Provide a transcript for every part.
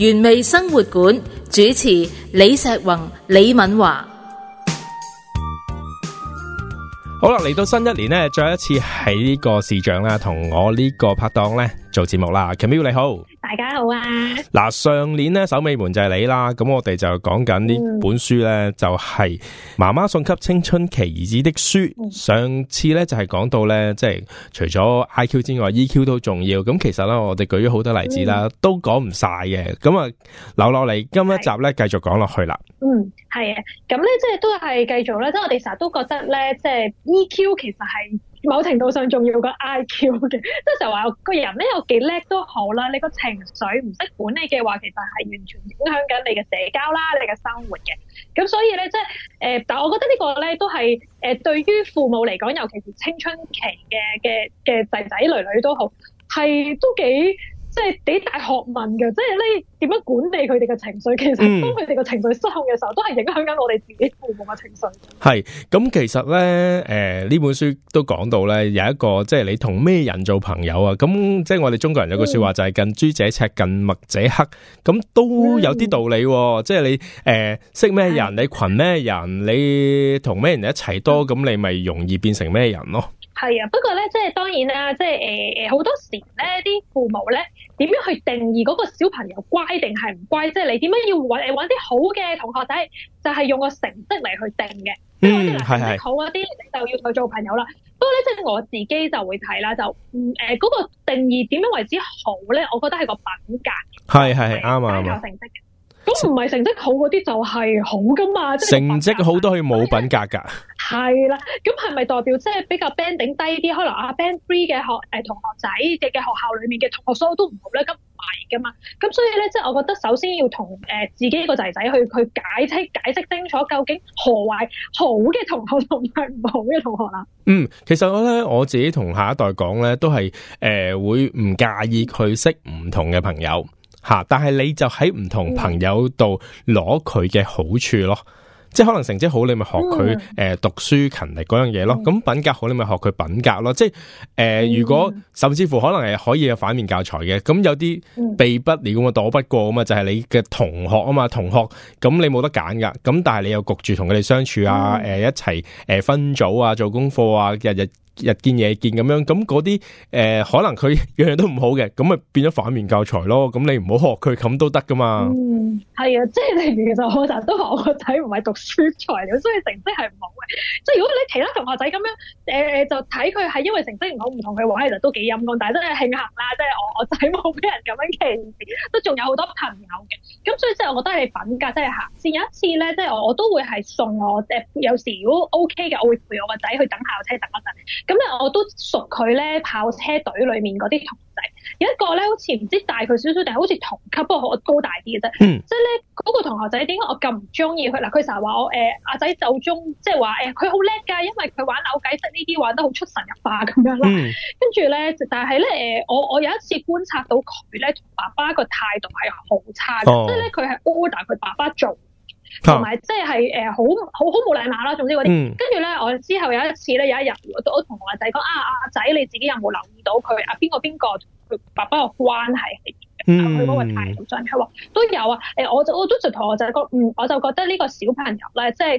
原味生活館主持李碩宏、李敏華，好啦，嚟到新一年咧，再一次喺呢個視像啦，同我呢個拍檔咧。做節目啦，Kamil 你好，大家好啊！嗱、啊，上年咧守尾門就係你啦，咁我哋就講緊呢本書咧，嗯、就係媽媽送給青春期兒子的書。嗯、上次咧就係、是、講到咧，即、就、係、是、除咗 I Q 之外，E Q 都重要。咁其實咧，我哋舉咗好多例子啦，都講唔晒嘅。咁啊，留落嚟今一集咧，繼續講落去啦。嗯，係啊，咁咧即係都係繼續咧，即、就、係、是、我哋成日都覺得咧，即、就、係、是、E Q 其實係。某程度上仲要嘅 IQ 嘅，即係成日話個人咧，有幾叻都好啦。你個情緒唔識管理嘅話，其實係完全影響緊你嘅社交啦，你嘅生活嘅。咁、嗯、所以咧，即係，誒，但係我覺得個呢個咧都係，誒、呃，對於父母嚟講，尤其是青春期嘅嘅嘅仔仔女女都好，係都幾，即係幾大學問嘅，即係呢。點樣管理佢哋嘅情緒？其實當佢哋嘅情緒失控嘅時候，都係影響緊我哋自己父母嘅情緒。係咁、嗯嗯，其實咧，誒、呃、呢本書都講到咧，有一個即係你同咩人做朋友啊？咁、嗯嗯嗯、即係我哋中國人有個說話就係近朱者赤，近墨者黑。咁都有啲道理，即係你誒識咩人，你群咩人，你同咩人一齊多，咁、嗯、你咪容易變成咩人咯？係啊，不過咧，即係當然啦，即係誒誒，好、呃、多時咧，啲父母咧。點樣去定義嗰個小朋友乖定係唔乖？即係你點樣要揾、誒揾啲好嘅同學仔，就係、是、用個成績嚟去定嘅。即係我啲好嗰啲，是是是就要去做朋友啦。不過咧，即係我自己就會睇啦，就誒、嗰、呃嗰個定義點樣為之好咧？我覺得係個品格。係系係啱啊啱啊。咁唔係成績好嗰啲就係好噶嘛？就是、成績好都去冇品格噶。係 啦，咁係咪代表即係比較 banding 低啲？可能啊 band three 嘅學誒同學仔嘅嘅學校裏面嘅同學所有都唔好咧？咁唔係噶嘛？咁所以咧，即、就、係、是、我覺得首先要同誒自己個仔仔去去解釋解釋清楚，究竟何為好嘅同學同埋唔好嘅同學啦。嗯，其實我咧我自己同下一代講咧，都係誒、嗯、會唔介意去識唔同嘅朋友。吓，但係你就喺唔同朋友度攞佢嘅好處咯，即係可能成績好你咪學佢誒讀書勤力嗰樣嘢咯，咁、嗯、品格好你咪學佢品格咯，即係誒、呃、如果甚至乎可能係可以有反面教材嘅，咁有啲避不了咁啊躲不過啊嘛，就係、是、你嘅同學啊嘛，同學咁你冇得揀噶，咁但係你又焗住同佢哋相處啊，誒、嗯呃、一齊誒分組啊做功課啊日日。天天日見夜見咁樣，咁嗰啲誒，可能佢樣樣都唔好嘅，咁咪變咗反面教材咯。咁你唔好學佢，咁都得噶嘛。嗯係啊，即係你其實我成日都話我個仔唔係讀書材料，所以成績係唔好嘅。即係如果你其他同學仔咁樣誒、呃、就睇佢係因為成績唔好唔同佢玩，其實都幾陰功。但係真係慶幸啦，即、就、係、是、我我仔冇俾人咁樣歧視，都仲有好多朋友嘅。咁所以即係我覺得係品格真係行先。有一次咧，即係我我都會係送我誒，有時如果 OK 嘅，我會陪我個仔去等校車等一陣。咁咧我都熟佢咧，跑車隊裏面嗰啲同學仔。有一個咧，好似唔知大佢少少定係好似同級，不過我高大啲嘅啫。嗯、即係咧，嗰個同學仔點解我咁唔中意佢？嗱，佢成日話我誒阿仔就中，即係話誒佢好叻㗎，因為佢玩扭計骰呢啲玩得好出神入化咁樣啦。跟住咧，但係咧誒，我我有一次觀察到佢咧同爸爸個態度係好差嘅，哦、即係咧，佢係 order 佢爸爸做。同埋即係誒好好好冇禮貌啦，總之嗰啲。跟住咧，我之後有一次咧，有一日我我同我仔講啊，阿、啊、仔你自己有冇留意到佢啊邊個邊個佢爸爸嘅關係係點嘅？佢、啊、嗰個態度上係話都有啊。誒，我就我都同我仔講，嗯，我就覺得呢個小朋友咧，即係誒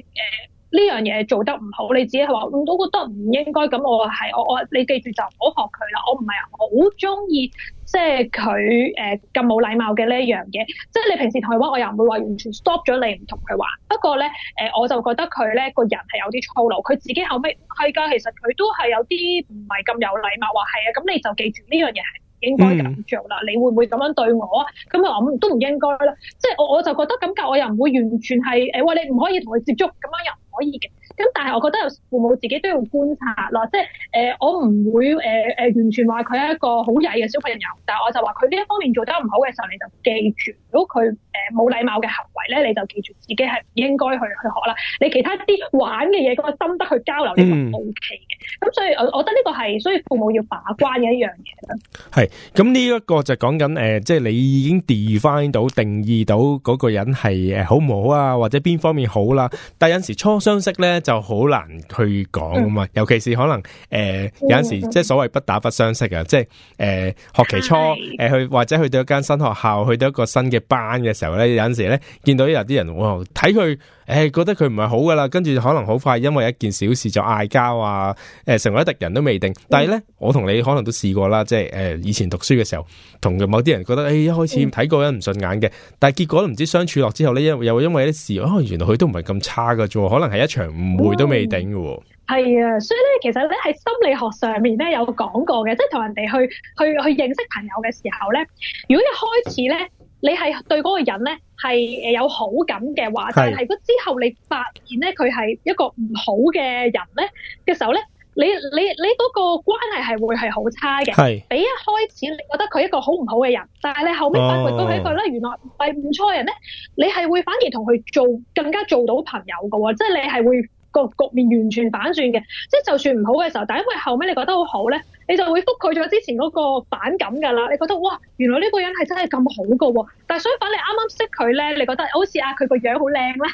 呢樣嘢做得唔好。你自己係話，嗯，我都覺得唔應該咁。我係我我你記住就唔好學佢啦。我唔係好中意。即係佢誒咁冇禮貌嘅呢一樣嘢，即係你平時同佢話，我又唔會話完全 stop 咗你唔同佢話。不過咧，誒、呃、我就覺得佢咧個人係有啲粗魯，佢自己後尾係㗎，其實佢都係有啲唔係咁有禮貌。話係啊，咁你就記住呢樣嘢係應該咁做啦。你會唔會咁樣對我啊？咁佢話都唔應該啦。即係我我就覺得咁，我又唔會完全係誒，話、呃、你唔可以同佢接觸，咁樣又唔可以嘅。咁但係我覺得父母自己都要觀察啦，即係誒、呃、我唔會誒誒、呃呃、完全話佢係一個好曳嘅小朋友，但係我就話佢呢一方面做得唔好嘅時候，你就記住，如果佢誒冇禮貌嘅行為咧，你就記住自己係唔應該去去學啦。你其他啲玩嘅嘢，個心得去交流，你就 O K。嗯。咁、嗯、所以，我我覺得呢個係，所以父母要把關嘅一樣嘢啦。係，咁呢一個就講緊，誒、呃，即係你已經 define 到、定義到嗰個人係誒好唔好啊，或者邊方面好啦、啊。但係有陣時初相識咧就好難去講啊嘛，嗯、尤其是可能，誒、呃，嗯、有陣時即係所謂不打不相識啊，即係，誒、呃，學期初，誒去的、呃、或者去到一間新學校，去到一個新嘅班嘅時候咧，有陣時咧見到有啲人，哇，睇佢。誒、欸，覺得佢唔係好噶啦，跟住可能好快因為一件小事就嗌交啊，誒、呃，成為一敵人都未定。但係咧，我同你可能都試過啦，即係誒、呃，以前讀書嘅時候，同某啲人覺得誒、欸，一開始睇個人唔順眼嘅，但係結果都唔知相處落之後咧，又因為一啲事，哦，原來佢都唔係咁差噶，可能係一場誤會都未定噶。係啊、嗯，所以咧，其實咧喺心理學上面咧有講過嘅，即係同人哋去去去認識朋友嘅時候咧，如果一開始咧。你係對嗰個人咧係誒有好感嘅話，是但係如果之後你發現咧佢係一個唔好嘅人咧嘅時候咧，你你你嗰個關係係會係好差嘅。係是，比一開始你覺得佢一個好唔好嘅人，但係你後尾發覺到佢咧，原來係唔錯嘅人咧，oh. 你係會反而同佢做更加做到朋友㗎喎，即係你係會。個局面完全反轉嘅，即係就算唔好嘅時候，但因為後尾你覺得好好咧，你就會覆蓋咗之前嗰個反感㗎啦。你覺得哇，原來呢個人係真係咁好嘅喎，但相反你啱啱識佢咧，你覺得好似啊佢個樣好靚啦，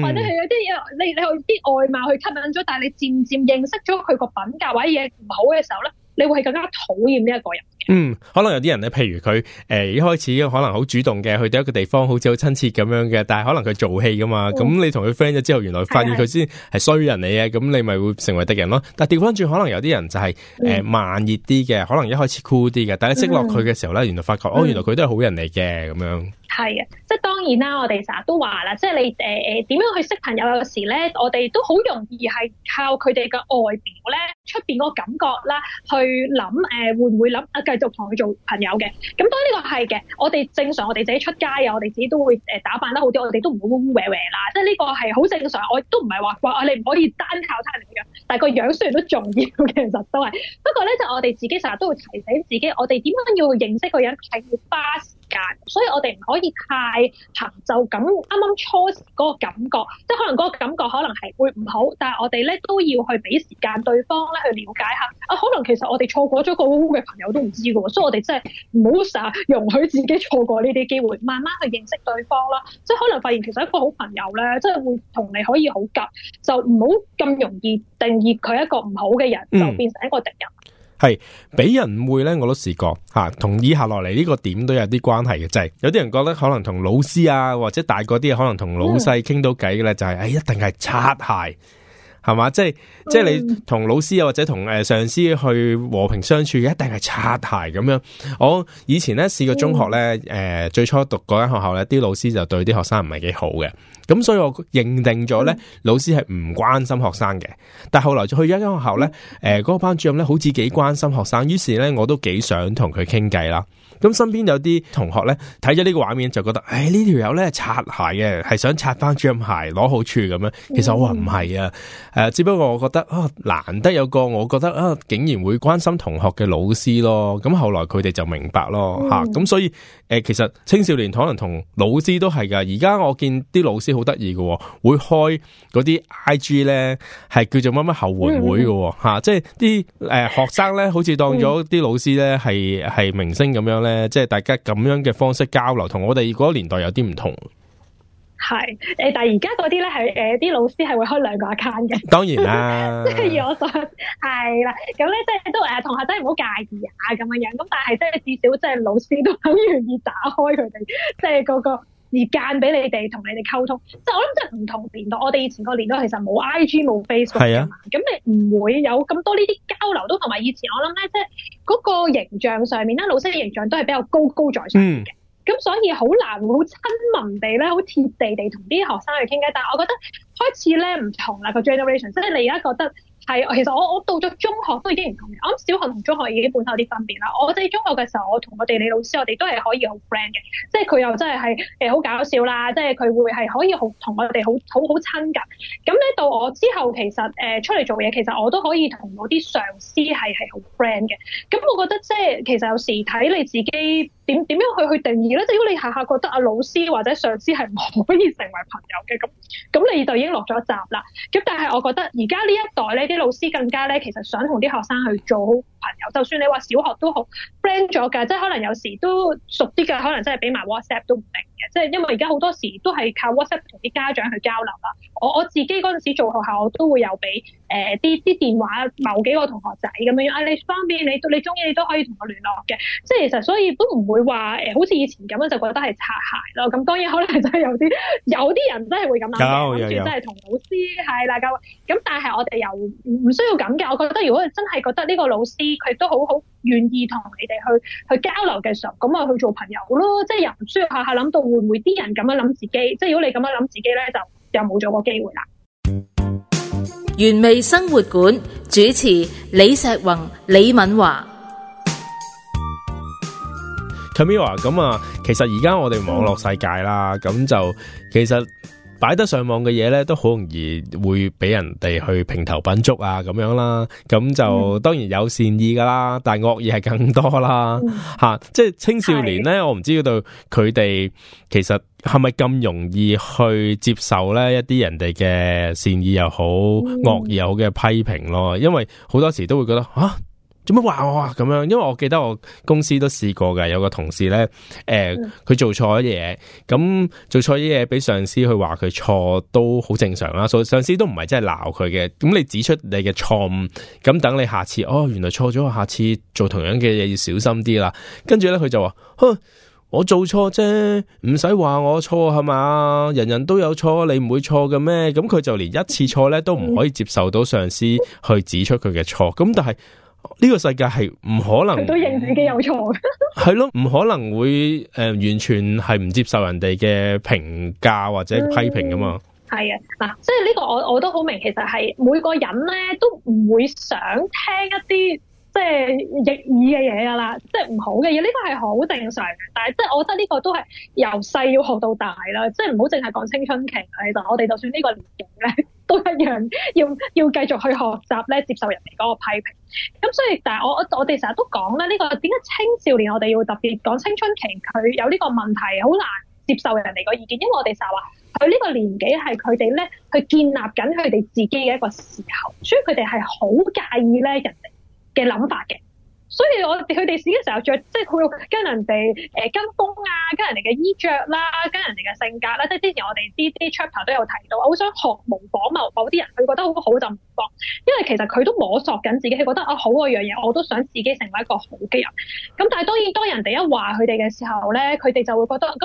或者係有啲你你去啲外貌去吸引咗，但係你漸漸認識咗佢個品格或者嘢唔好嘅時候咧，你會係更加討厭呢一個人。嗯，可能有啲人咧，譬如佢誒、呃、一開始可能好主動嘅，去到一個地方好似好親切咁樣嘅，但係可能佢做戲噶嘛，咁、嗯、你同佢 friend 咗之後，原來發現佢先係衰人嚟嘅，咁、嗯、你咪會成為敵人咯。但係掉返轉，可能有啲人就係、是、誒、呃、慢熱啲嘅，可能一開始酷啲嘅，但係識落佢嘅時候咧，原來發覺、嗯、哦，原來佢都係好人嚟嘅，咁樣係啊。即係當然啦。我哋成日都話啦，即係你誒誒點樣去識朋友？有時咧，我哋都好容易係靠佢哋嘅外表咧，出邊嗰個感覺啦，去諗誒會唔會諗啊？就同佢做朋友嘅，咁當然呢個係嘅。我哋正常，我哋自己出街啊，我哋自己都會誒打扮得好啲，我哋都唔會烏烏歪歪啦。即係呢個係好正常，我都唔係話話你唔可以單靠他人嘅樣，但係個樣雖然都重要，其實都係。不過咧，就是、我哋自己成日都會提醒自己，我哋點樣要認識個人係要所以我哋唔可以太憑就咁啱啱初時嗰個感覺，即係可能嗰個感覺可能係會唔好，但係我哋咧都要去俾時間對方咧去了解下。啊，可能其實我哋錯過咗個好嘅朋友都唔知嘅喎，所以我哋真係唔好成日容許自己錯過呢啲機會，慢慢去認識對方啦。即係可能發現其實一個好朋友咧，即係會同你可以好夾，就唔好咁容易定義佢一個唔好嘅人，就變成一個敵人。嗯係俾人誤會咧，我都試過吓，同以下落嚟呢個點都有啲關係嘅，就係有啲人覺得可能同老師啊，或者大個啲可能同老細傾到偈嘅咧，就係誒，一定係擦鞋，係嘛，即係即係你同老師啊，或者同誒上司去和平相處，一定係擦鞋咁樣。我以前咧試過中學咧，誒最初讀嗰間學校咧，啲老師就對啲學生唔係幾好嘅。咁所以我認定咗咧，老師係唔關心學生嘅。但係後來就去咗一間學校咧，誒，嗰個班主任咧好似幾關心學生，於是咧我都幾想同佢傾偈啦。咁身邊有啲同學咧，睇咗呢個畫面就覺得，誒，呢條友咧，擦鞋嘅，係想擦翻張鞋攞好處咁樣。其實我話唔係啊，誒只不過我覺得啊、哦，難得有個我覺得啊、哦，竟然會關心同學嘅老師咯。咁後來佢哋就明白咯吓。咁、啊、所以誒、呃、其實青少年可能同老師都係噶。而家我見啲老師好得意嘅，會開啲 I G 咧，係叫做乜乜後援會嘅吓、啊、即係啲誒學生咧，好似當咗啲老師咧係係明星咁樣。誒，即係大家咁樣嘅方式交流，同我哋嗰個年代有啲唔同。係誒，但係而家嗰啲咧係誒，啲、呃、老師係會開兩個 account 嘅。當然啦，即係 我想，係啦，咁咧即係都誒，同學真係唔好介意啊，咁樣樣。咁但係即係至少即係老師都好願意打開佢哋，即係嗰個。時間俾你哋同你哋溝通，即係我諗即係唔同年代。我哋以前個年代其實冇 IG 冇 Facebook 嘅嘛，咁你唔會有咁多呢啲交流，都同埋以前我諗咧，即係嗰個形象上面咧，老師嘅形象都係比較高高在上嘅，咁、嗯、所以好難好親民地咧，好貼地地同啲學生去傾偈。但係我覺得開始咧唔同啦個 generation，即係你而家覺得。係，其實我我到咗中學都已經唔同嘅，我諗小學同中學已經本身有啲分別啦。我哋中學嘅時候，我同我哋李老師，我哋都係可以好 friend 嘅，即係佢又真係係誒好搞笑啦，即係佢會係可以好同我哋好好好親㗎。咁咧到我之後，其實誒、呃、出嚟做嘢，其實我都可以同我啲上司係係好 friend 嘅。咁我覺得即係其實有時睇你自己。點點樣去去定義咧？即如果你下下覺得阿老師或者上司係唔可以成為朋友嘅咁，咁你就已經落咗閘啦。咁但係我覺得而家呢一代咧，啲老師更加咧，其實想同啲學生去做好朋友，就算你話小學都好 friend 咗㗎，即係可能有時都熟啲嘅，可能真係俾埋 WhatsApp 都唔定嘅，即係因為而家好多時都係靠 WhatsApp 同啲家長去交流啦。我我自己嗰陣時做學校，我都會有俾誒啲啲電話某幾個同學仔咁樣。啊，你方便你你中意你都可以同我聯絡嘅。即係其實所以都唔會話誒、呃，好似以前咁樣就覺得係擦鞋咯。咁當然可能真係有啲有啲人真係會咁諗嘅，即係同老師係鬧交。咁但係我哋又唔需要咁嘅。我覺得如果真係覺得呢個老師佢都好好願意同你哋去去交流嘅時候，咁啊去做朋友咯。即係又唔需要下下諗到會唔會啲人咁樣諗自己。即係如果你咁樣諗自己咧，就～就冇咗個機會啦！原味生活館主持李碩宏、李敏華 Camila 咁啊，其實而家我哋網絡世界啦，咁就其實。擺得上網嘅嘢咧，都好容易會俾人哋去評頭品足啊，咁樣啦。咁就當然有善意噶啦，但係惡意係更多啦。吓、嗯啊，即係青少年咧，是我唔知道佢哋其實係咪咁容易去接受咧，一啲人哋嘅善意又好，惡、嗯、意又好嘅批評咯。因為好多時都會覺得吓。啊做咩話我啊？咁樣，因為我記得我公司都試過嘅，有個同事咧，誒、呃，佢做錯咗嘢，咁、嗯、做錯啲嘢，俾上司去話佢錯，都好正常啦。所上司都唔係真係鬧佢嘅，咁你指出你嘅錯誤，咁等你下次，哦，原來錯咗，下次做同樣嘅嘢要小心啲啦。跟住咧，佢就話：哼，我做錯啫，唔使話我錯係嘛，人人都有錯，你唔會錯嘅咩？咁佢就連一次錯咧，都唔可以接受到上司去指出佢嘅錯，咁但係。呢個世界係唔可能，佢都認自己有錯嘅，係 咯，唔可能會誒、呃、完全係唔接受人哋嘅評價或者批評噶嘛。係、嗯、啊，嗱，即係呢個我我都好明，其實係每個人咧都唔會想聽一啲。即係逆耳嘅嘢噶啦，即係唔好嘅嘢。呢個係好正常，但係即係我覺得呢個都係由細要學到大啦。即係唔好淨係講青春期，其實我哋就算呢個年紀咧，都一樣要要繼續去學習咧，接受人哋嗰個批評。咁、嗯、所以，但係我我哋成日都講咧、呢個，呢個點解青少年我哋要特別講青春期佢有呢個問題，好難接受人哋個意見，因為我哋成日話佢呢個年紀係佢哋咧去建立緊佢哋自己嘅一個時候，所以佢哋係好介意咧人哋嘅諗法嘅，所以我哋佢哋小嘅時候着，即係佢跟人哋誒、欸、跟風啊，跟人哋嘅衣着啦、啊，跟人哋嘅性格啦、啊，即係之前我哋啲啲 chapter 都有提到，我好想學模仿某某啲人，佢覺得好好就模仿，因為其實佢都摸索緊自己，佢覺得啊好啊樣嘢，我都想自己成為一個好嘅人。咁但係當然當人哋一話佢哋嘅時候咧，佢哋就會覺得，咁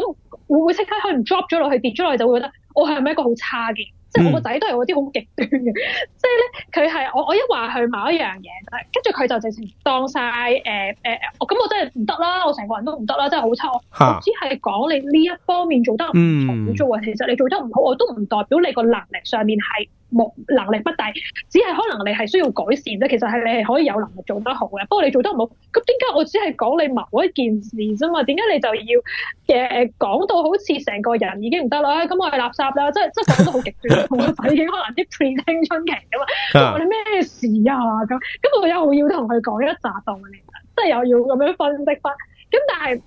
會唔會即刻可能 drop 咗落去，跌咗落去，去就會覺得我係咪一個好差嘅？即係我個仔都係啲好極端嘅，即係咧佢係我我一話佢某一樣嘢，跟住佢就直情當晒。誒、呃、誒、呃，我咁我真係唔得啦，我成個人都唔得啦，真係好差。哈 我只係講你呢一方面做得唔好啫喎，嗯、其實你做得唔好，我都唔代表你個能力上面係。冇能力不大，只係可能你係需要改善啫。其實係你係可以有能力做得好嘅，不過你做得唔好。咁點解我只係講你某一件事啫嘛？點解你就要嘅、呃、講到好似成個人已經唔得啦？咁我係垃圾啦！即係真係講到好極端，已經可能啲 pre 青春期啊嘛？我哋咩事啊咁？咁我又要同佢講一紮道理，即係又要咁樣分析翻。咁但係。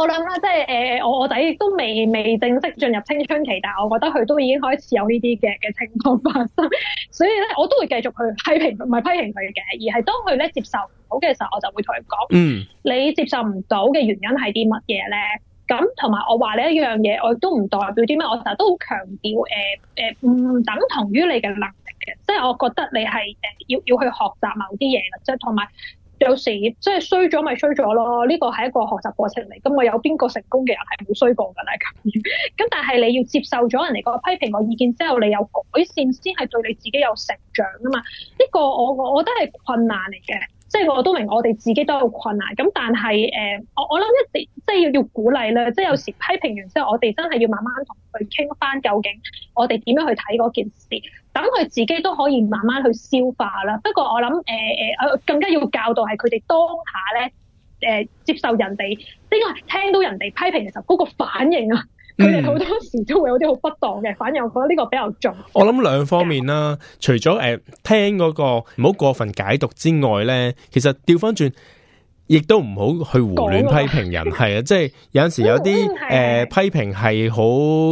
我諗啦，即係誒，我我仔都未未正式進入青春期，但係我覺得佢都已經開始有呢啲嘅嘅情況發生，所以咧我都會繼續去批評，唔係批評佢嘅，而係當佢咧接受唔到嘅時候，我就會同佢講，嗯，你接受唔到嘅原因係啲乜嘢咧？咁同埋我話呢一樣嘢，我亦都唔代表啲咩。我成日都好強調誒誒，唔等同於你嘅能力嘅，即係我覺得你係誒要要去學習某啲嘢嘅，即係同埋。有時即係衰咗咪衰咗咯，呢個係一個學習過程嚟。咁、嗯、我有邊個成功嘅人係冇衰過㗎咧咁？但係你要接受咗人哋個批評個意見之後，你有改善先係對你自己有成長啊嘛。呢、呢個我我覺得係困難嚟嘅。即係我都明，我哋自己都有困難。咁但係誒、呃，我我諗一定即係要要鼓勵啦。即係有時批評完之後，我哋真係要慢慢同佢傾翻，究竟我哋點樣去睇嗰件事，等佢自己都可以慢慢去消化啦。不過我諗誒誒，更加要教導係佢哋當下咧誒、呃、接受人哋點啊，即應該聽到人哋批評嘅時候嗰個反應啊。佢哋好多時都會有啲好不當嘅反應，我覺得呢個比較重。我諗兩方面啦、啊，除咗誒、呃、聽嗰、那個唔好過分解讀之外咧，其實調翻轉亦都唔好去胡亂批評人，係啊的， 即係有陣時有啲誒、嗯呃、批評係好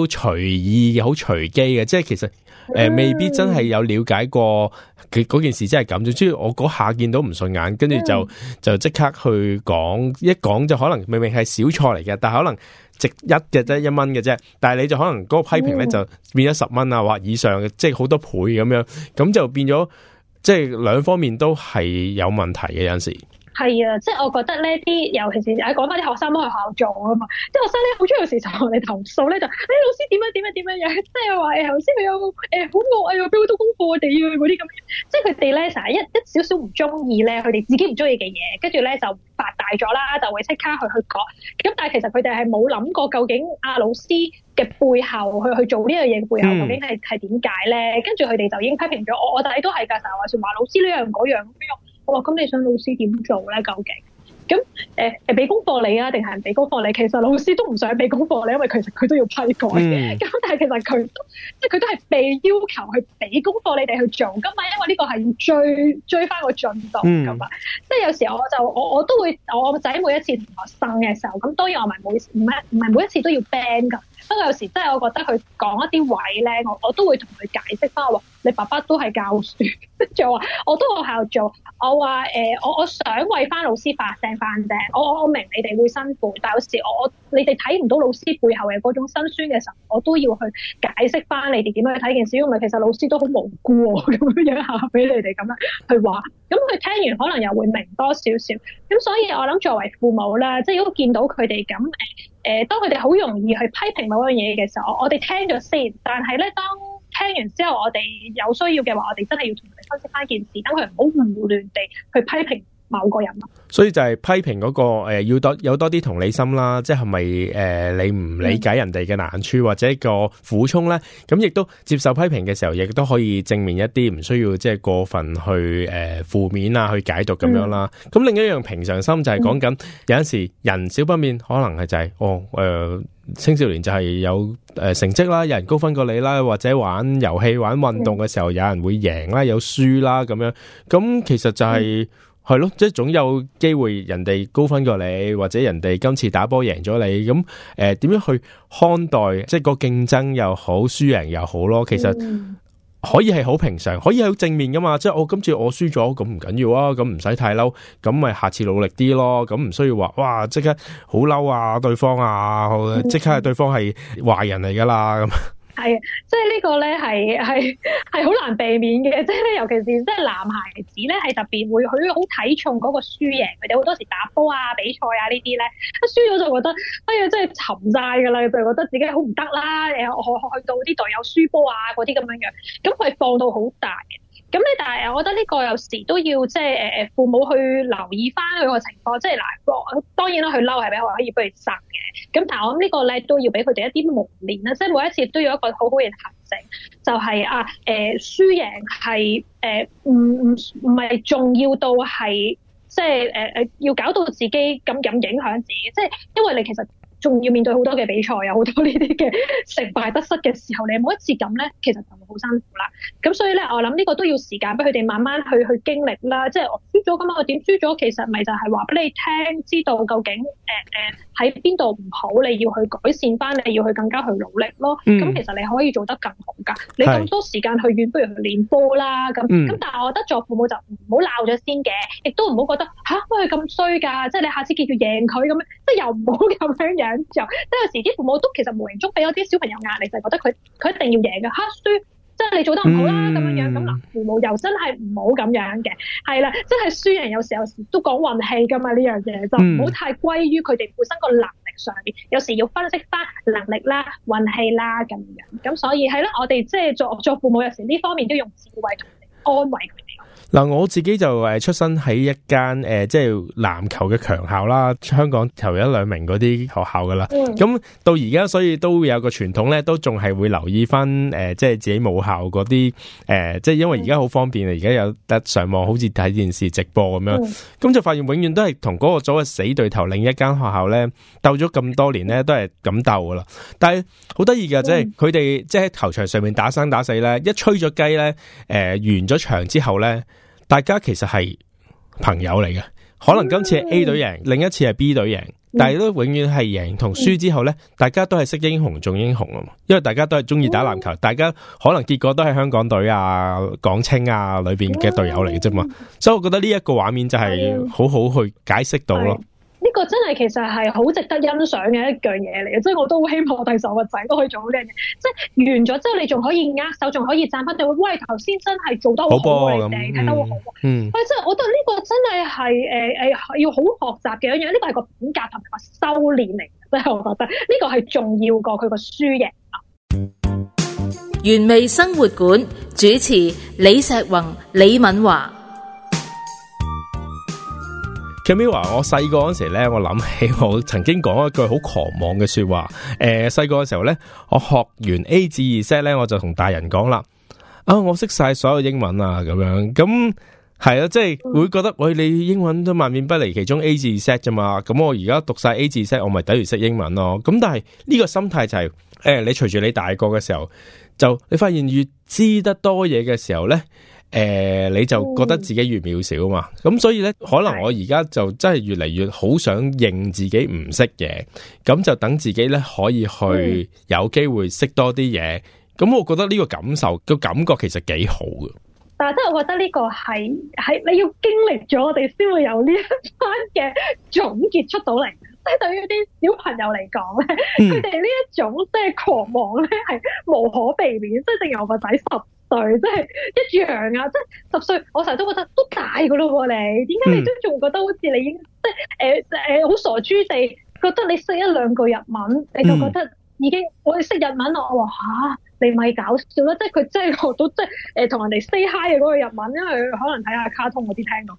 隨意好隨機嘅，即係其實誒、呃、未必真係有了解過嗰、嗯嗯、件事真係咁，即係我嗰下見到唔順眼，跟住就就即刻去講，一講就可能明明係小錯嚟嘅，但可能。值一嘅啫，一蚊嘅啫，但係你就可能嗰個批評咧就變咗十蚊啊或以上嘅，即係好多倍咁樣，咁就變咗即係兩方面都係有問題嘅有陣時。係啊，即係我覺得呢啲尤其是誒講翻啲學生都喺學校做啊嘛，即係學生咧好中意有時就同你投訴咧就誒老師點樣點樣點樣樣，即係話誒頭先你有冇……誒好惡誒又俾好多功課我哋啊嗰啲咁樣，即係佢哋咧成日一一少少唔中意咧，佢哋自己唔中意嘅嘢，跟住咧就發大咗啦，就會即刻去去講。咁但係其實佢哋係冇諗過究竟阿老師嘅背後去去做呢樣嘢背後，究竟係係點解咧？跟住佢哋就已經批評咗我，我仔都係㗎，成日話説話老師呢樣嗰樣。我咁你想老師點做咧？究竟咁誒誒俾功課你啊，定係唔俾功課你？其實老師都唔想俾功課你，因為其實佢都要批改嘅。咁但係其實佢即係佢都係被要求去俾功課你哋去做，咁啊，因為呢個係要追追翻個進度咁啊。嗯、即係有時候我就我我都會我仔每一次同學生嘅時候，咁當然我咪每唔係唔係每一次都要 ban 噶。不過有時真係我覺得佢講一啲位咧，我我都會同佢解釋翻，我話你爸爸都係教書，跟住我話我都喺學校做，我話誒，我、欸、我，我想為翻老師發聲翻啫。我我我明你哋會辛苦，但有時我，我你哋睇唔到老師背後嘅嗰種辛酸嘅時候，我都要去解釋翻你哋點樣去睇件事，因為其實老師都好無辜咁樣下俾你哋咁樣去話。咁佢聽完可能又會明多少少。咁所以我諗作為父母啦，即係如果見到佢哋咁誒。誒，當佢哋好容易去批評某樣嘢嘅時候，我哋聽咗先。但係咧，當聽完之後，我哋有需要嘅話，我哋真係要同佢哋分析翻件事，等佢唔好胡亂地去批評。某個人，所以就係批評嗰、那個、呃、要多有多啲同理心啦，即係咪誒？你唔理解人哋嘅難處或者個苦衷咧，咁亦都接受批評嘅時候，亦都可以正面一啲，唔需要即係過分去誒、呃、負面啊，去解讀咁樣啦。咁、嗯、另一樣平常心就係講緊有陣時人少不免，可能係就係、是、哦誒、呃，青少年就係有誒、呃、成績啦，有人高分過你啦，或者玩遊戲玩運動嘅時候，有人會贏啦，有輸啦咁樣。咁其實就係、是。嗯係咯，即係總有機會人哋高分過你，或者人哋今次打波贏咗你，咁誒點樣去看待？即係個競爭又好，輸贏又好咯。其實可以係好平常，可以係好正面噶嘛。即係我、哦、今次我輸咗，咁唔緊要啊，咁唔使太嬲，咁咪下次努力啲咯。咁唔需要話哇，即刻好嬲啊，對方啊，即刻係對方係壞人嚟噶啦咁。係，即係呢個咧係係係好難避免嘅，即係尤其是即係男孩子咧係特別會佢好睇重嗰個輸贏，佢哋好多時打波啊比賽啊呢啲咧，一輸咗就覺得哎呀真係沉晒㗎啦，就覺得自己好唔、啊、得啦，誒我去到啲隊友輸波啊嗰啲咁樣樣，咁佢係放到好大咁你但係，我覺得呢個有時都要即係誒誒，父母去留意翻佢個情況。即係嗱，當然啦，佢嬲係比較可以俾佢掙嘅。咁但係我諗呢個咧都要俾佢哋一啲磨練啦。即係每一次都要一個好好嘅行程，就係啊誒，輸贏係誒唔唔唔係重要到係即係誒誒，要搞到自己咁咁影響自己。即係因為你其實。仲要面對好多嘅比賽，有好多呢啲嘅成敗得失嘅時候，你每一次咁咧，其實就會好辛苦啦。咁所以咧，我諗呢個都要時間俾佢哋慢慢去去經歷啦。即係我輸咗咁啊，我點輸咗？其實咪就係話俾你聽，知道究竟誒誒喺邊度唔好，你要去改善翻，你要去更加去努力咯。咁、嗯、其實你可以做得更好㗎。你咁多時間去遠，是不如去練波啦。咁咁，嗯、但係我覺得做父母就唔好鬧咗先嘅，亦都唔好覺得吓、啊，喂，佢咁衰㗎，即係你下次叫住贏佢咁樣，即係又唔好咁樣樣。之即係有時啲父母都其實無形中俾咗啲小朋友壓力，就係、是、覺得佢佢一定要贏嘅，黑輸即係你做得唔好啦咁樣樣，咁嗱，父母又真係唔好咁樣嘅，係、嗯、啦、嗯，真係輸贏有時有時都講運氣噶嘛呢樣嘢，就唔好太歸於佢哋本身個能力上面，有時要分析翻能力啦、運氣啦咁樣，咁所以係咯，我哋即係做做父母有時呢方面都要用智慧同安慰佢嗱，我自己就誒出身喺一間誒、呃、即係籃球嘅強校啦，香港頭一兩名嗰啲學校噶啦。咁、嗯、到而家所以都有個傳統咧，都仲係會留意翻誒、呃、即係自己母校嗰啲誒即係因為而家好方便啊，而家有得上網，好似睇電視直播咁樣。咁、嗯嗯嗯、就發現永遠都係同嗰個組嘅死對頭另一間學校咧，鬥咗咁多年咧，都係咁鬥噶啦。但係好得意嘅，即係佢哋即係喺球場上面打生打死咧，一吹咗雞咧，誒、呃呃、完咗場之後咧。大家其實係朋友嚟嘅，可能今次係 A 隊贏，另一次係 B 隊贏，但係都永遠係贏同輸之後呢，大家都係識英雄重英雄啊，因為大家都係中意打籃球，大家可能結果都係香港隊啊、港青啊裏邊嘅隊友嚟嘅啫嘛，所以我覺得呢一個畫面就係好好去解釋到咯。呢個真係其實係好值得欣賞嘅一樣嘢嚟嘅，即係我都好希望我第時我個仔都可以做好靚嘅。即係完咗之後，你仲可以握手，仲可以讚翻對。喂，頭先真係做得好好，睇得好好。嗯，喂，真係我覺得呢個真係係誒誒要好學習嘅一樣嘢。呢個係個品格同埋個修煉嚟，即係我覺得呢個係重要過佢個輸贏。原味生活館主持李碩宏、李敏華。Jamie 話：我細個嗰時咧，我諗起我曾經講一句好狂妄嘅說話。誒、呃，細個嘅時候咧，我學完 A 至 Z 咧，我就同大人講啦：啊，我識晒所有英文啊，咁樣咁係啊，即、就、係、是、會覺得喂，你英文都萬變不離其中 A 至 Z 啫嘛。咁我而家讀晒 A 至 Z，我咪等於識英文咯。咁但係呢個心態就係、是、誒、呃，你隨住你大個嘅時候，就你發現越知得多嘢嘅時候咧。誒、呃，你就覺得自己越渺小啊嘛。咁所以咧，可能我而家就真係越嚟越好想認自己唔識嘢，咁就等自己咧可以去有機會識多啲嘢。咁我覺得呢個感受、個感覺其實幾好嘅。但係真係我覺得呢個係係你要經歷咗我哋先會有呢一番嘅總結出到嚟。即係對於啲小朋友嚟講咧，佢哋呢一種即係狂妄咧係無可避免。即係正如我個仔十歲即係一樣啊，即係十歲，我成日都覺得都大噶咯喎你，點解你都仲覺得好似你已經即係誒誒好傻豬地，覺得你識一兩句日文，你就覺得已經我識日文，我話吓你咪搞笑啦，即係佢真係學到即係誒同人哋 say hi 嘅嗰個日文，因為可能睇下卡通嗰啲聽到，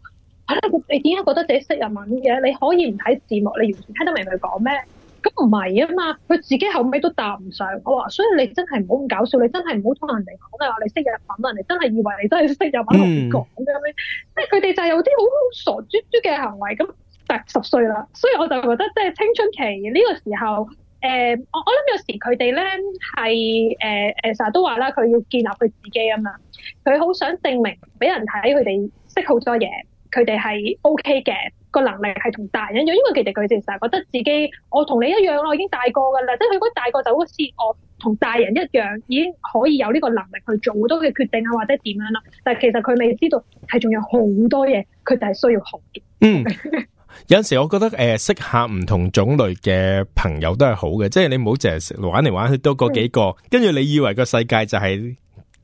你點解覺得自己識日文嘅？你可以唔睇字幕，你完全睇得明佢講咩？嗯咁唔係啊嘛，佢自己後尾都答唔上，我話，所以你真係唔好咁搞笑，你真係唔好同人哋講嘅話，你識日文，人哋真係以為你真係識日文嚟講咁樣，即係佢哋就係有啲好傻豬豬嘅行為。咁十十歲啦，所以我就覺得即係青春期呢、這個時候，誒、呃，我我諗有時佢哋咧係誒誒，成日、呃、都話啦，佢要建立佢自己啊嘛，佢好想證明俾人睇，佢哋識好多嘢，佢哋係 OK 嘅。個能力係同大人一樣，因為其實佢哋成日覺得自己我同你一樣咯，已經大個噶啦，即係佢覺得大個就好似我同大人一樣，已經可以有呢個能力去做好多嘅決定啊，或者點樣咯。但係其實佢未知道係仲有好多嘢，佢就係需要學。嗯，有陣時我覺得誒、呃，識下唔同種類嘅朋友都係好嘅，即、就、係、是、你唔好淨係玩嚟玩去都嗰幾個，跟住、嗯、你以為個世界就係、是。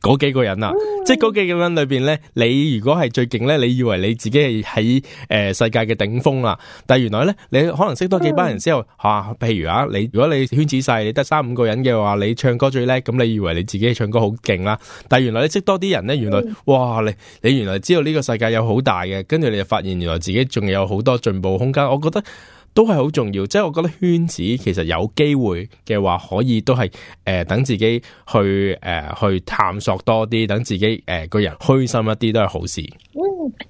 嗰幾個人啊，即係嗰幾個人裏邊呢，你如果係最勁呢，你以為你自己係喺誒世界嘅頂峰啦、啊，但係原來呢，你可能識多幾班人之後，吓、啊，譬如啊，你如果你圈子細，你得三五個人嘅話，你唱歌最叻，咁你以為你自己唱歌好勁啦，但係原來你識多啲人呢，原來哇，你你原來知道呢個世界有好大嘅，跟住你就發現原來自己仲有好多進步空間，我覺得。都係好重要，即係我覺得圈子其實有機會嘅話，可以都係誒、呃、等自己去誒、呃、去探索多啲，等自己誒、呃、個人虛心一啲都係好事。嗯，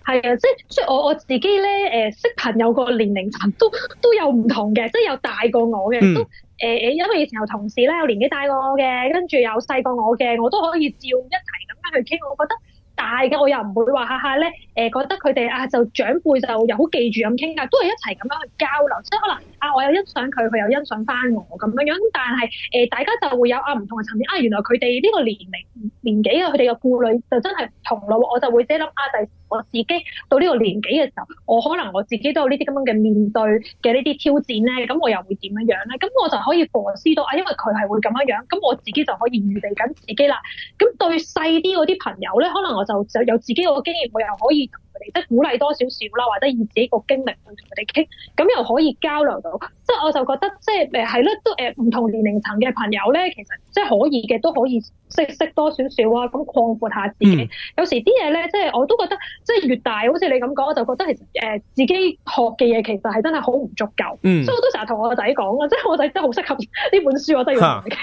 係啊，即係即係我我自己咧誒，識朋友個年齡層都都有唔同嘅，即係有大過我嘅，嗯、都誒、呃、因為以前有同事咧有年紀大過我嘅，跟住有細過我嘅，我都可以照一齊咁樣去傾，我覺得。大嘅我又唔會話下下咧，誒覺得佢哋啊就長輩就又好記住咁傾啊，都係一齊咁樣去交流，即係可能。我又欣賞佢，佢又欣賞翻我咁樣樣，但係誒、呃、大家就會有啊唔同嘅層面啊，原來佢哋呢個年齡年紀啊，佢哋嘅顧慮就真係唔同咯。我就會即諗啊，第、就是、我自己到呢個年紀嘅時候，我可能我自己都有呢啲咁樣嘅面對嘅呢啲挑戰咧，咁我又會點樣樣咧？咁我就可以 foresight 到啊，因為佢係會咁樣樣，咁我自己就可以預備緊自己啦。咁對細啲嗰啲朋友咧，可能我就有有自己個經驗，我又可以。即係鼓勵多少少啦，或者以自己個經歷去同佢哋傾，咁又可以交流到。即係我就覺得，即係誒係咯，都誒唔同年齡層嘅朋友咧，其實即係可以嘅，都可以識識多少少啊，咁擴闊下自己。嗯、有時啲嘢咧，即係我都覺得，即係越大，好似你咁講，我就覺得係誒自己學嘅嘢，其實係真係好唔足夠。嗯、所以我都成日同我個仔講啊，即係我仔真係好適合呢本書，我真係要哈 都要同佢傾。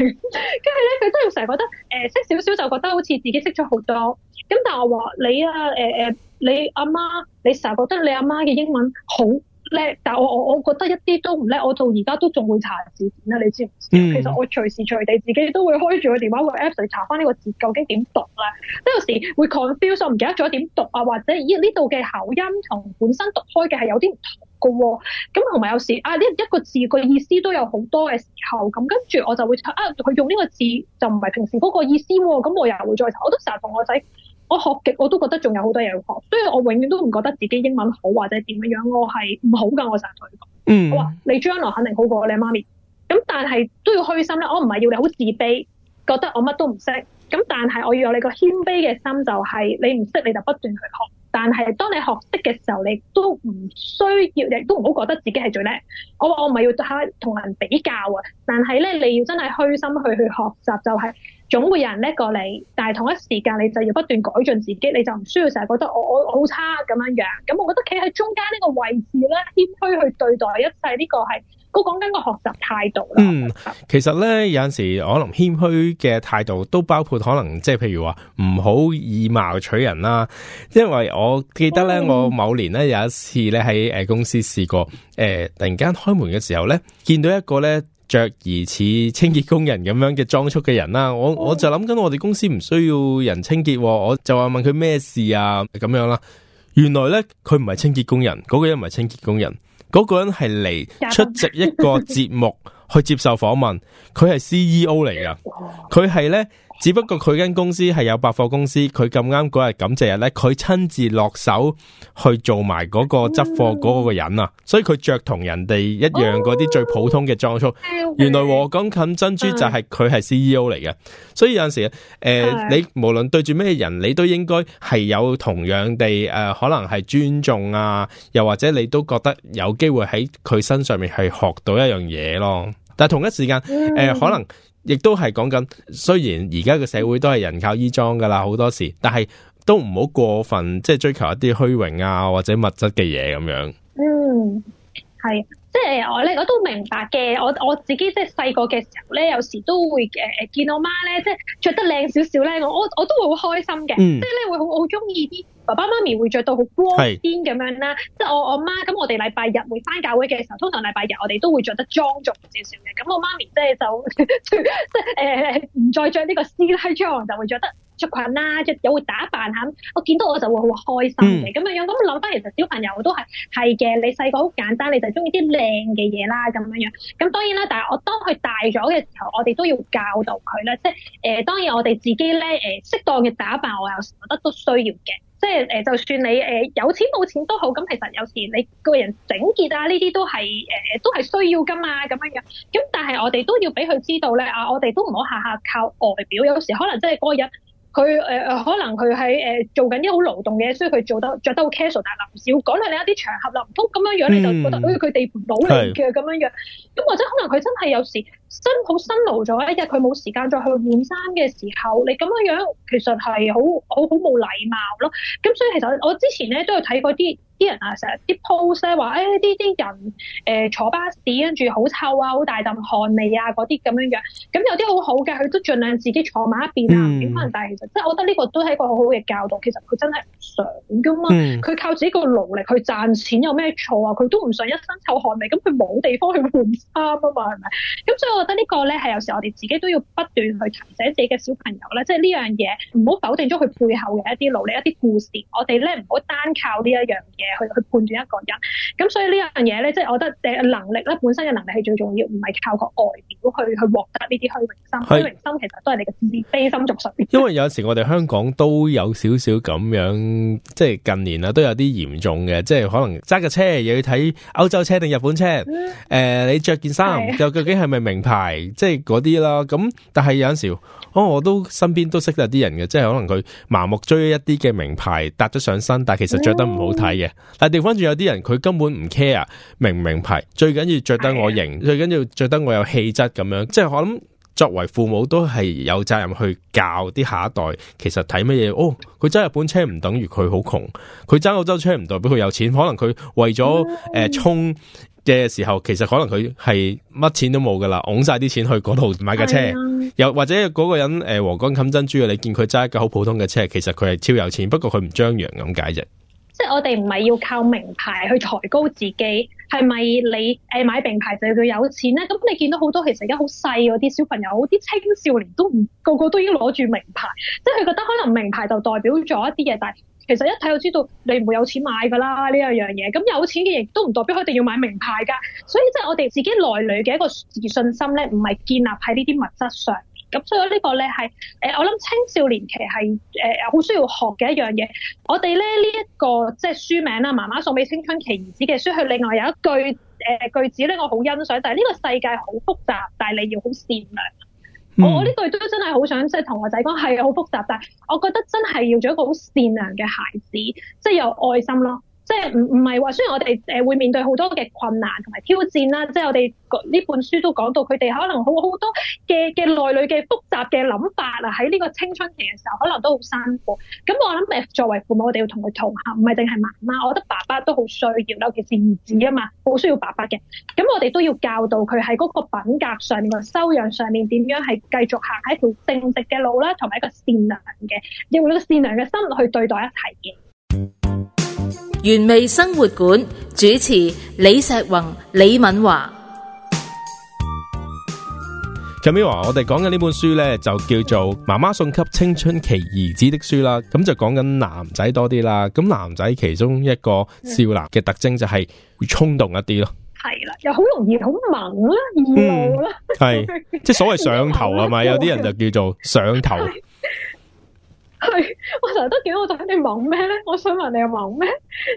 跟住咧，佢真係成日覺得誒識少少，就覺得好似自己識咗好多。咁但係我話你啊，誒、呃、誒，你阿、啊、媽，你成日覺得你阿、啊、媽嘅英文好叻，但係我我我覺得一啲都唔叻，我到而家都仲會查字典啦，你知唔知？嗯、其實我隨時隨地自己都會開住個電話個 app 嚟查翻呢個字究竟點讀咧，呢個時會 confuse 我唔記得咗點讀啊，或者依呢度嘅口音同本身讀開嘅係有啲唔同嘅喎、哦，咁同埋有時啊呢一個字個意思都有好多嘅時候咁，跟住我就會查啊佢用呢個字就唔係平時嗰個意思喎、哦，咁我又會再查，我都成日同我仔。我學極我都覺得仲有好多嘢要學，所以我永遠都唔覺得自己英文好或者點樣，我係唔好噶。我成日同佢講，嗯，我話你將來肯定好過你媽咪，咁但係都要虛心咧。我唔係要你好自卑，覺得我乜都唔識，咁但係我要有你個謙卑嘅心、就係，就係你唔識你就不斷去學，但係當你學識嘅時候，你都唔需要，亦都唔好覺得自己係最叻。我話我唔係要同人比較啊，但係咧你要真係虛心去去學習，就係、係。總會有人叻過你，但係同一時間你就要不斷改進自己，你就唔需要成日覺得我我我好差咁樣樣。咁我覺得企喺中間呢個位置咧，謙虛去對待一切呢個係我講緊個學習態度啦。嗯，其實咧有陣時可能謙虛嘅態度都包括可能即係譬如話唔好以貌取人啦。因為我記得咧，嗯、我某年咧有一次咧喺誒公司試過誒、呃、突然間開門嘅時候咧，見到一個咧。着疑似清潔工人咁樣嘅裝束嘅人啦，我我就諗緊我哋公司唔需要人清潔，我就話問佢咩事啊，咁樣啦。原來呢，佢唔係清潔工人，嗰個人唔係清潔工人，嗰個人係嚟出席一個節目去接受訪問，佢係 CEO 嚟噶，佢係呢。只不過佢間公司係有百貨公司，佢咁啱嗰日感謝日咧，佢親自落手去做埋嗰個執貨嗰個人啊，嗯、所以佢着同人哋一樣嗰啲、哦、最普通嘅裝束。嗯、okay, 原來我講近珍珠就係佢係 CEO 嚟嘅。嗯、所以有陣時誒，呃嗯、你無論對住咩人，你都應該係有同樣地誒、呃，可能係尊重啊，又或者你都覺得有機會喺佢身上面係學到一樣嘢咯。但係同一時間誒、呃，可能、嗯。亦都係講緊，雖然而家嘅社會都係人靠衣裝噶啦，好多時，但係都唔好過分即係追求一啲虛榮啊或者物質嘅嘢咁樣。嗯，係，即係我咧我都明白嘅。我我自己即係細個嘅時候咧，有時都會誒、呃、見我媽咧，即係着得靚少少咧，我我我都會好開心嘅。嗯、即係咧會好我好中意啲。爸爸媽咪會着到好光鮮咁樣啦，是即係我我媽咁，我哋禮拜日會翻教會嘅時候，通常禮拜日我哋都會着得莊重少少嘅。咁我媽咪即係就即係誒唔再着呢個師奶裝，就會着得著裙啦，即係又會打扮下。我見到我就會好開心嘅咁樣樣。咁諗翻，其實小朋友都係係嘅。你細個好簡單，你就中意啲靚嘅嘢啦咁樣樣。咁當然啦，但係我當佢大咗嘅時候，我哋都要教導佢啦。即係誒、呃，當然我哋自己咧誒適當嘅打扮，我有時覺得都需要嘅。即係誒，就算你誒有錢冇錢都好，咁其實有時你個人整潔啊，呢啲都係誒，都係需要噶嘛，咁樣樣。咁但係我哋都要俾佢知道咧，啊，我哋都唔好下下靠外表，有時可能真係個人。佢誒誒，可能佢喺誒做緊啲好勞動嘅嘢，所以佢做得著得好 casual，但係臨時要趕去另一啲場合，啦唔通咁樣樣你就覺得好似佢哋冇禮嘅咁樣樣。咁或者可能佢真係有時辛好辛勞咗一日，佢冇時間再去換衫嘅時候，你咁樣樣其實係好好好冇禮貌咯。咁所以其實我之前咧都有睇過啲。啲人啊，成日啲 post 咧話，誒啲啲人誒、呃、坐巴士跟住好臭啊，好大陣汗味啊，嗰啲咁樣樣。咁有啲好好嘅，佢都盡量自己坐埋一邊啊。點可能？但係其實即係我覺得呢個都係一個好好嘅教導。其實佢真係唔想噶嘛，佢、嗯、靠自己個努力去賺錢有咩錯啊？佢都唔想一身臭汗味，咁佢冇地方去換衫啊嘛，係咪？咁、嗯、所以我覺得個呢個咧係有時我哋自己都要不斷去提醒自己嘅小朋友咧，即係呢樣嘢唔好否定咗佢背後嘅一啲努力、一啲故事。我哋咧唔好單靠呢一樣嘢。去去判斷一個人，咁所以呢樣嘢咧，即係我覺得嘅能力咧，本身嘅能力係最重要，唔係靠個外表去去獲得呢啲虛榮心。是虛榮心其實都係你嘅自卑心作祟。因為有時我哋香港都有少少咁樣，即係近年啊都有啲嚴重嘅，即係可能揸架車又要睇歐洲車定日本車，誒、嗯呃、你着件衫又是究竟係咪名牌，即係嗰啲啦。咁但係有陣時，我我都身邊都識得啲人嘅，即係可能佢盲目追一啲嘅名牌搭咗上身，但係其實着得唔好睇嘅。嗯但係調返轉，有啲人，佢根本唔 care 明唔名牌，最緊要着得我型， 最緊要着得我有氣質咁樣。即係我諗，作為父母都係有責任去教啲下一代。其實睇乜嘢？哦，佢揸日本車唔等於佢好窮，佢揸澳洲車唔代表佢有錢。可能佢為咗誒衝嘅時候，其實可能佢係乜錢都冇噶啦，拱晒啲錢去嗰度買架車。又 或者嗰個人誒，黃金冚珍珠，你見佢揸一架好普通嘅車，其實佢係超有錢，不過佢唔張揚咁解啫。即係我哋唔係要靠名牌去抬高自己，係咪你誒買名牌就要有錢咧？咁你見到好多其實而家好細嗰啲小朋友，啲青少年都唔個個都已經攞住名牌，即係佢覺得可能名牌就代表咗一啲嘢，但係其實一睇就知道你唔會有錢買噶啦呢一樣嘢。咁有錢嘅亦都唔代表佢哋要買名牌噶，所以即係我哋自己內裏嘅一個自信心咧，唔係建立喺呢啲物質上。咁、嗯、所以呢個咧係誒，我諗青少年期係誒好需要學嘅一樣嘢。我哋咧呢一、這個即係書名啦，《媽媽送俾青春期兒子嘅書》，佢另外有一句誒、呃、句子咧，我好欣賞。但係呢個世界好複雜，但係你要好善良。嗯、我呢句都真係好想即係同個仔講，係好複雜，但係我覺得真係要做一個好善良嘅孩子，即、就、係、是、有愛心咯。.即係唔唔係話，雖然我哋誒會面對好多嘅困難同埋挑戰啦，即係我哋呢本書都講到，佢哋可能好好多嘅嘅內裏嘅複雜嘅諗法啦，喺呢個青春期嘅時候，可能都好辛苦。咁我諗作為父母，我哋要同佢同行，唔係淨係媽媽，我覺得爸爸都好需要，尤其是兒子啊嘛，好需要爸爸嘅。咁我哋都要教導佢喺嗰個品格上面、修養上面，點樣係繼續行喺條正直嘅路啦，同埋一個善良嘅，用一個善良嘅心去對待一切嘅。原味生活館主持李碩宏，李敏華。陳敏華，我哋講緊呢本書咧就叫做《媽媽送給青春期兒子的書》啦，咁就講緊男仔多啲啦。咁男仔其中一個少男嘅特徵就係會衝動一啲咯，係啦，又好容易好猛啦，二號啦，係即係所謂上頭係咪？有啲人就叫做上頭。係， 我成日都見到我仔，你懵咩咧？我想問你又懵咩？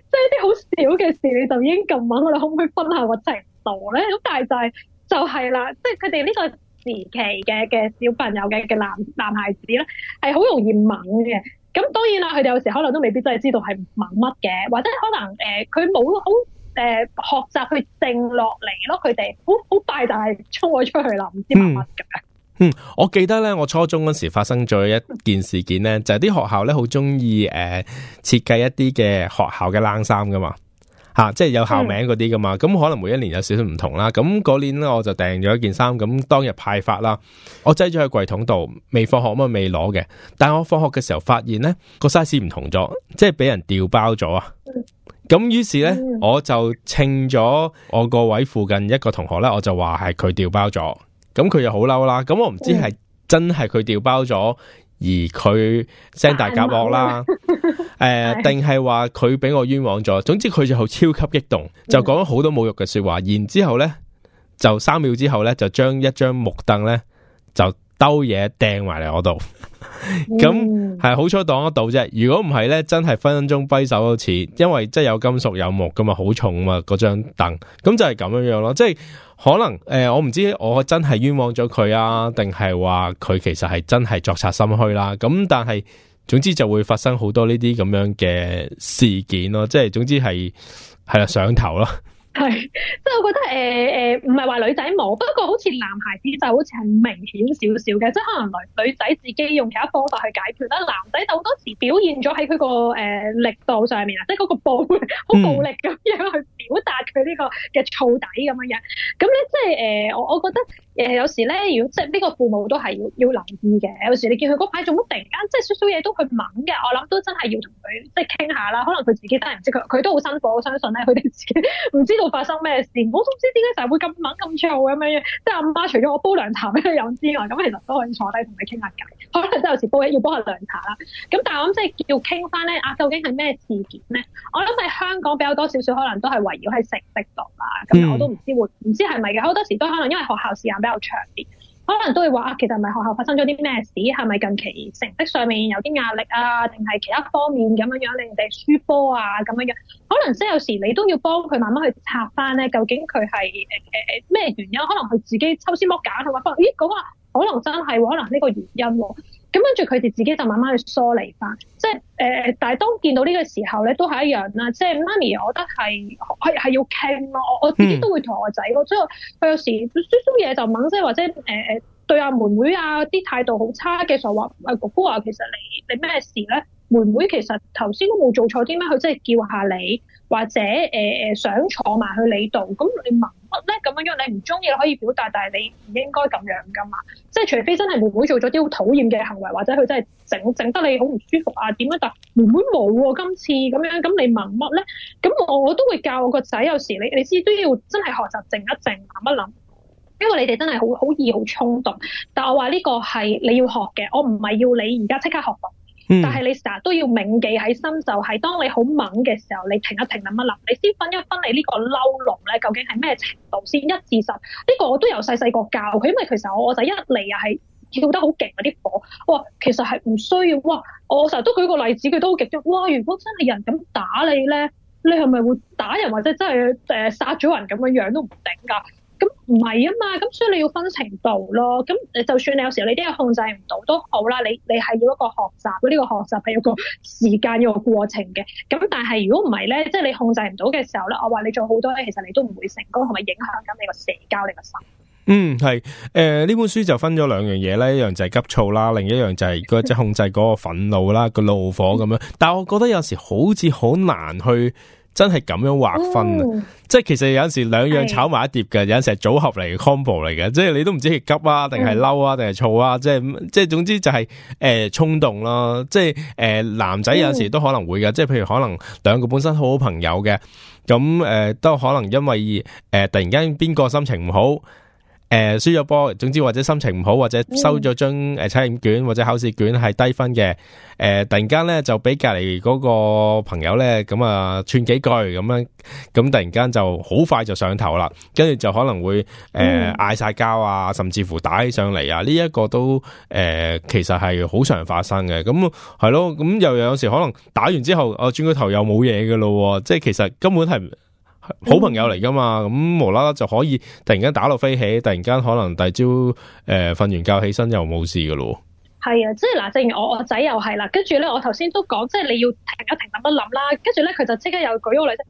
即係啲好小嘅事你就已經咁懵，我哋可唔可以分下個程度咧？咁但係就係就係啦，即係佢哋呢個時期嘅嘅小朋友嘅嘅男男孩子咧，係好容易懵嘅。咁當然啦，佢哋有時可能都未必真係知道係懵乜嘅，或者可能誒佢冇好誒學習去靜落嚟咯。佢哋好好快就係衝咗出去啦，唔知乜乜嘅。嗯嗯，我記得咧，我初中嗰時發生咗一件事件咧，就係、是、啲學校咧好中意誒設計一啲嘅學校嘅冷衫噶嘛，吓、啊，即係有校名嗰啲噶嘛，咁、嗯嗯、可能每一年有少少唔同啦。咁嗰年咧，我就訂咗一件衫，咁、嗯、當日派發啦，我擠咗喺櫃桶度，未放學咁啊未攞嘅，但係我放學嘅時候發現咧個 size 唔同咗，即係俾人掉包咗啊。咁於是咧、嗯、我就稱咗我個位附近一個同學咧，我就話係佢掉包咗。咁佢就好嬲啦，咁我唔知係真係佢掉包咗，而佢聲大夾惡啦，誒，定係話佢俾我冤枉咗？總之佢就好超級激動，就講咗好多侮辱嘅說話，然之後咧就三秒之後咧就將一張木凳咧就，兜嘢掟埋嚟我度，咁 係那 好彩擋得到啫。如果唔係咧，真係分分鐘揮手都似，因為即係有金屬有木咁啊，好重啊，嗰張凳。咁就係咁樣樣咯，即係可能誒、呃，我唔知我真係冤枉咗佢啊，定係話佢其實係真係作賊心虛啦。咁但係總之就會發生好多呢啲咁樣嘅事件咯，即係總之係係啦上頭咯。 係，即係我覺得誒誒，唔係話女仔冇，不過好似男孩子就好似係明顯少少嘅，即係可能女女仔自己用其他方法去解決啦，男仔就好多時表現咗喺佢個誒力度上面啊，即係嗰個暴力，好暴力咁樣去表達佢呢個嘅燥底咁樣，咁咧即係誒、呃、我我覺得。誒有時咧，如果即係呢個父母都係要要留意嘅。有時你見佢嗰排做乜，突然間即係少少嘢都去掹嘅，我諗都真係要同佢即係傾下啦。可能佢自己真係唔知佢，佢都好辛苦。我相信咧，佢哋自己唔知道發生咩事，我都唔知點解成日會咁掹咁躁咁樣。即係阿媽除咗我煲涼茶俾佢飲之外，咁其實都可以坐低同佢傾下偈。可能真係有時煲嘢要煲下涼茶啦。咁但係我諗即係要傾翻咧，啊究竟係咩事件咧？我諗喺香港比較多少少可能都係圍繞喺食別度啊。咁我都唔知會唔知係咪嘅。好多時都可能因為學校時間。比較長啲，可能都會話啊，其實係咪學校發生咗啲咩事？係咪近期成績上面有啲壓力啊？定係其他方面咁樣樣令你哋輸波啊？咁樣樣，可能即係有時你都要幫佢慢慢去拆翻咧，究竟佢係誒誒誒咩原因？可能佢自己抽絲剝繭，佢話可能咦嗰、那個。可能真係，可能呢個原因，咁跟住佢哋自己就慢慢去梳理翻。即係誒、呃，但係當見到呢個時候咧，都係一樣啦。即係媽咪，我覺得係係係要傾咯。我我自己都會同我仔，我即係佢有時做少少嘢就掹聲，或者誒對阿、啊、妹妹啊啲態度好差嘅時候話，阿哥哥呀，其實你你咩事咧？妹妹其實頭先都冇做錯啲咩，佢真係叫下你。或者誒誒、呃、想坐埋去你度，咁你問乜咧？咁樣樣你唔中意可以表達，但係你唔應該咁樣噶嘛。即係除非真係妹妹做咗啲好討厭嘅行為，或者佢真係整整得你好唔舒服啊？點樣？但妹妹冇喎、啊，今次咁樣，咁你問乜咧？咁我我都會教我個仔，有時你你知都要真係學習靜一靜，諗一諗。因為你哋真係好好易好衝動，但我話呢個係你要學嘅，我唔係要你而家即刻學。嗯，但係你成日都要銘記喺心，就係、是、當你好猛嘅時候，你停一停，諗一諗，你先分一分你呢個嬲龍咧，究竟係咩程度先一？一至十，呢個我都有細細個教佢，因為其實我我仔一嚟又係跳得好勁嗰啲火，哇，其實係唔需要，哇！我成日都舉個例子，佢都好極端，哇！如果真係人咁打你咧，你係咪會打人或者真係誒殺咗人咁樣樣都唔頂㗎？唔係啊嘛，咁所以你要分程度咯。咁誒，就算你有時候你啲嘢控制唔到都好啦，你你係要一個學習嘅，呢、呢個學習係一個時間要個過程嘅。咁但係如果唔係咧，即係你控制唔到嘅時候咧，我話你做好多嘢，其實你都唔會成功，同埋影響緊你個社交，你個心。嗯，係。誒、呃，呢本書就分咗兩樣嘢咧，一樣就係急躁啦，另一樣就係即係控制嗰個憤怒啦， 個怒火咁樣。但係我覺得有時好似好難去。真係咁樣劃分啊！哦、即係其實有時兩樣炒埋一碟嘅，哎、呀有時係組合嚟嘅 combo 嚟嘅，即係你都唔知係急啊，定係嬲啊，定係燥啊，即係即係總之就係、是、誒、呃、衝動咯、啊，即係誒、呃、男仔有時都可能會嘅，即係譬如可能兩個本身好好朋友嘅，咁誒、呃、都可能因為誒、呃、突然間邊個心情唔好。誒、呃，輸咗波，總之或者心情唔好，或者收咗張誒測驗卷或者考試卷係低分嘅，誒、呃，突然間咧就俾隔籬嗰個朋友咧咁啊，串幾句咁樣、啊，咁突然間就好快就上頭啦，跟住就可能會誒嗌晒交啊，甚至乎打起上嚟啊，呢、這、一個都誒、呃、其實係好常發生嘅，咁係咯，咁又有時可能打完之後，我、啊、轉個頭又冇嘢噶咯，即係其實根本係。好朋友嚟噶嘛，咁無啦啦就可以突然間打到飛起，突然間可能大朝誒瞓完覺起身又冇事噶咯。係啊，即係嗱，正如我我仔又係啦，跟住咧我頭先都講，即係你要停一停諗一諗啦，跟住咧佢就即刻又舉個例子。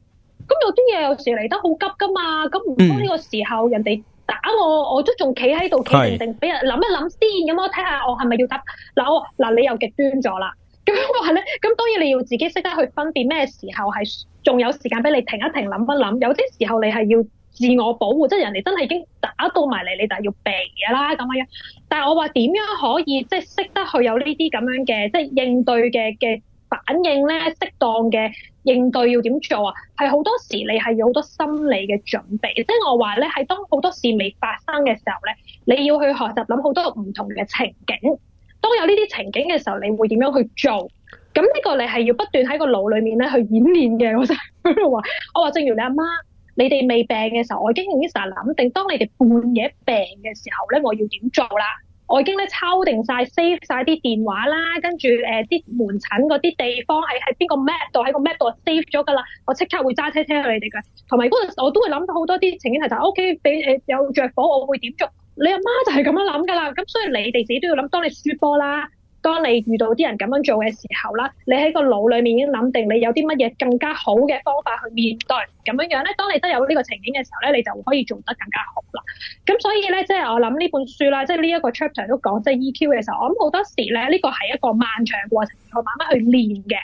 咁有啲嘢有時嚟得好急噶嘛，咁唔當呢個時候人哋打我，我都仲企喺度企定定，俾是人諗一諗先咁，我睇下我係咪要答。嗱我嗱你又極端咗啦。咁係咧，咁 當然你要自己識得去分辨咩時候係仲有時間俾你停一停、諗一諗。有啲時候你係要自我保護，即係人哋真係已經打到埋嚟，你就係要避嘅啦咁樣。但係我話點樣可以即係識得去有呢啲咁樣嘅即係應對嘅嘅反應咧？適當嘅應對要點做啊？係好多時你係要好多心理嘅準備，即係我話咧係當好多事未發生嘅時候咧，你要去學習諗好多唔同嘅情景。當有呢啲情景嘅時候，你會點樣去做？咁呢個你係要不斷喺個腦裏面咧去演練嘅。我成日話，我話正如你阿媽，媽，你哋未病嘅時候，我已經已經成日諗定，當你哋半夜病嘅時候咧，我要點做啦？我已經咧抄定晒 save 晒啲電話啦，跟住誒啲門診嗰啲地方喺喺邊個 map 度，喺個 map 度 save 咗㗎啦。我即刻會揸車車去你哋㗎。同埋嗰陣時我都會諗到好多啲情景係就，OK，俾誒有著火，我會點做？你阿媽就係咁樣諗噶啦，咁所以你哋自己都要諗。當你輸波啦，當你遇到啲人咁樣做嘅時候啦，你喺個腦裏面已經諗定你有啲乜嘢更加好嘅方法去面對咁樣樣咧。當你都有呢個情景嘅時候咧，你就可以做得更加好啦。咁所以咧，即係我諗呢本書啦，即係呢一個 chapter 都講即係 EQ 嘅時候，我諗好多時咧，呢個係一個漫長過程，我慢慢去練嘅。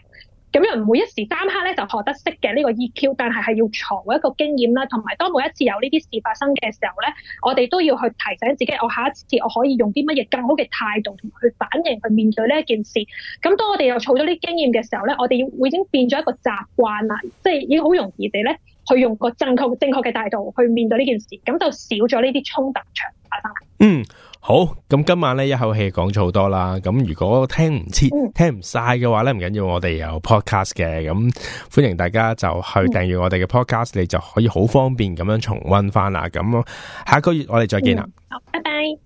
咁樣唔會每一時三刻咧就學得識嘅呢個 EQ，但係係要儲一個經驗啦。同埋當每一次有呢啲事發生嘅時候咧，我哋都要去提醒自己，我下一次我可以用啲乜嘢更好嘅態度同去反應去面對呢一件事。咁當我哋又儲咗啲經驗嘅時候咧，我哋會已經變咗一個習慣啦，即係已經好容易地咧去用個正確正確嘅態度去面對呢件事，咁就少咗呢啲衝突場發生。嗯。好，咁今晚呢一口氣講咗好多啦，咁如果聽唔切、嗯、聽唔晒嘅話呢，唔緊要，我哋有 podcast 嘅，咁歡迎大家就去訂閱我哋嘅 podcast，嗯、你就可以好方便咁樣重溫翻啦。咁下個月我哋再見啦，嗯、好，拜拜。